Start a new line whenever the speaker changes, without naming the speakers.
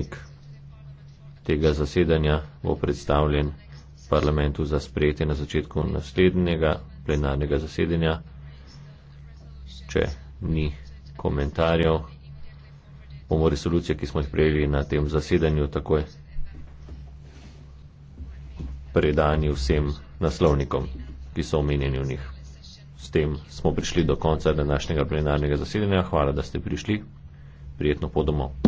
predsednik tega zasedanja bo predstavljen parlamentu za sprejetje na začetku naslednjega plenarnega zasedanja. Če ni komentarjev, bomo resolucije, ki smo jih prejeli na tem zasedanju, takoj predani vsem naslovnikom, ki so omenjeni v njih. S tem smo prišli do konca današnjega plenarnega zasedanja. Hvala, da ste prišli. Prijetno po domov.